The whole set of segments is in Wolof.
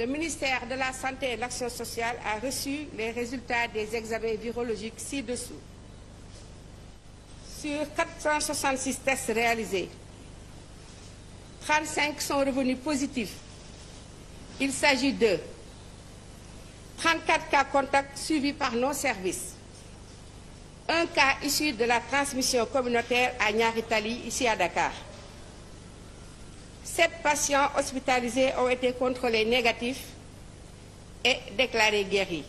le ministère de la Santé et sociale a reçu les résultats des examens virologiques ci-dessous. Sur 466 tests réalisés, 35 sont revenus positifs. Il s'agit de 34 cas contacts suivis par nos services. Un cas issu de la transmission communautaire à Niarritali, ici à Dakar. sept patients hospitalisés ont été contrôlés négatifs et déclarés guéris.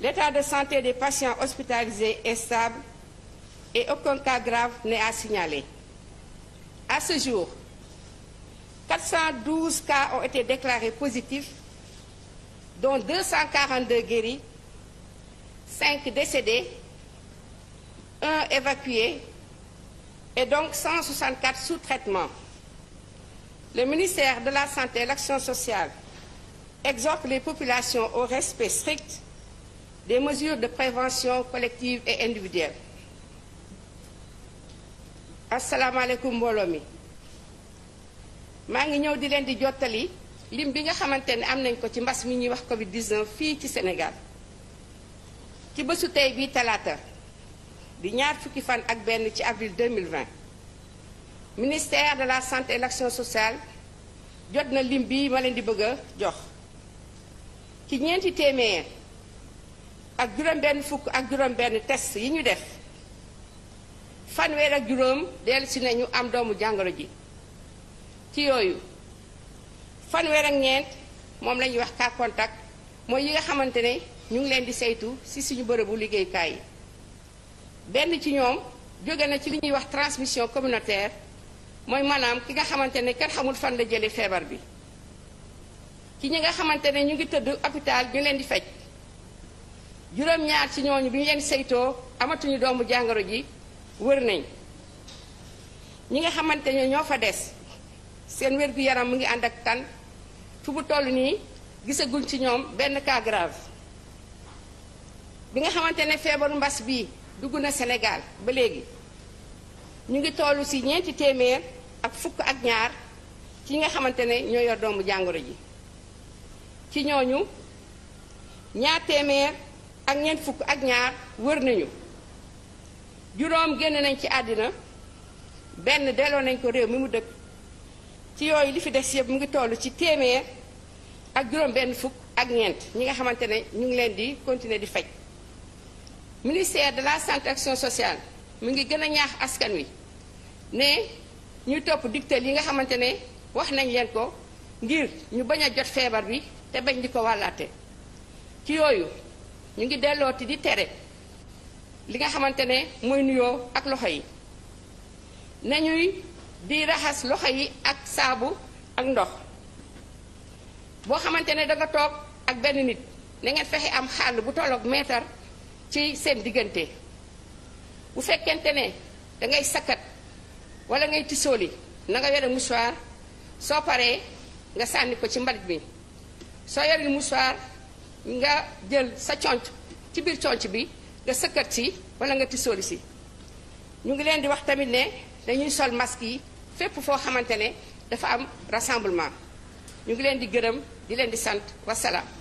L'état de santé des patients hospitalisés et aucun cas grave n'est à signaler. À ce jour, 412 cas ont été déclarés positifs, dont 242 guéris, 5 décédés, 1 évacué et donc 164 sous traitement. Le ministère de la Santé et de l'Action sociale exhorte les populations au respect strict des mesures de prévention collective et individuelle. asalaamaaleykum mbooloo mi maa ngi ñëw di leen di jottali lim bi nga xamante ni am nañ ko ci mbas mi ñuy wax Covid fii ci Sénégal ci bësu tey bii talaata di ñaar fukki fan ak benn ci avril 2020 ministère de la santé et l'action sociale jot na lim bi ma leen di bëgg a jox ci ñeenti téeméer ak juróom-benn fukk ak juróom-benn test yi ñu def fanweer ak juróom dellusi nañu am doomu jàngoro ji ci yooyu fanweer ak ñeent moom la wax cas contact mooy yi nga xamante ne ñu ngi leen di saytu ci suñu bërëbu liggéeyukaay yi benn ci ñoom jóge na ci li ñuy wax transmission communautaire mooy maanaam ki nga xamante ne kenn xamul fan la jëlee feebar bi ki ñi nga xamante ne ñu ngi tëdd hôpital ñu leen di faj juróom-ñaar ci ñooñu bi ñu leen saytoo amatuñu doomu jàngoro ji wër nañ ñi nga xamante ne ñoo fa des seen wér-gu-yaram mu ngi ànd ak tan fu bu toll nii gisaguñ ci ñoom benn cas bi nga xamante ne feebaru mbas bii dugg na senegaal ba léegi ñu ngi tollu ci ñeenti téeméer ak fukk ak ñaar ci nga xamante ne ñoo yor doomu jàngoro ji ci ñooñu ñaar téeméer ak ñeent fukk ak ñaar wër nañu juróom génn nañ ci àddina benn delloo nañ ko réew mi mu dëkk ci yooyu li fi des yëpp mu ngi tollu ci téeméer ak juróom benn fukk ak ñeent ñi nga xamante ne ñu ngi leen di continuer di faj ministère de la santé action sociale mu ngi gën a ñaax askan wi ne ñuy topp digtal yi nga xamante ne wax nañ leen ko ngir ñu bañ a jot feebar bi te bañ di ko wàllaate ci yooyu ñu ngi dellooti di tere li nga xamante ne mooy nuyoo ak loxo yi nañuy di raxas loxo yi ak saabu ak ndox boo xamante ne danga toog ak benn nit na ngeen fexe am xàll bu tolloog meetar ci seen diggante bu fekkente ne dangay sakkat wala ngay tisooli na nga yore mouchoir soo paree nga sànni ko ci mbarit bi soo yore mouchoir nga jël sa conc ci biir conc bi nga sëkkat si wala nga tisooli si ñu ngi leen di wax tamit ne dañuy sol masque yi fépp foo xamante ne dafa am rassemblement ñu ngi leen di gërëm di leen di sant wasalaam